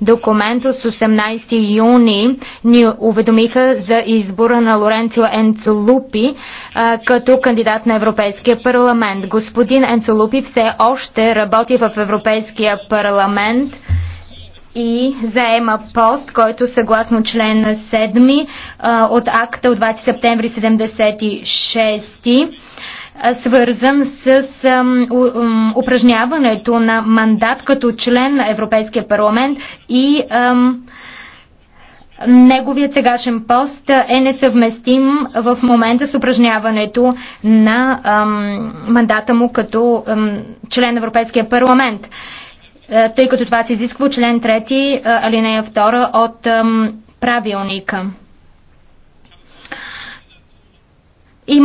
документ от 18 юни ни уведомиха за избора на Лоренцио Енцелупи като кандидат на Европейския парламент. Господин Енцелупи все още работи в Европейския парламент и заема пост, който съгласно член 7 от акта от 20 септември 76 свързан с упражняването на мандат като член на Европейския парламент и неговият сегашен пост е несъвместим в момента с упражняването на мандата му като член на Европейския парламент е, тъй като това се изисква от член 3, е, алинея 2 от правилника.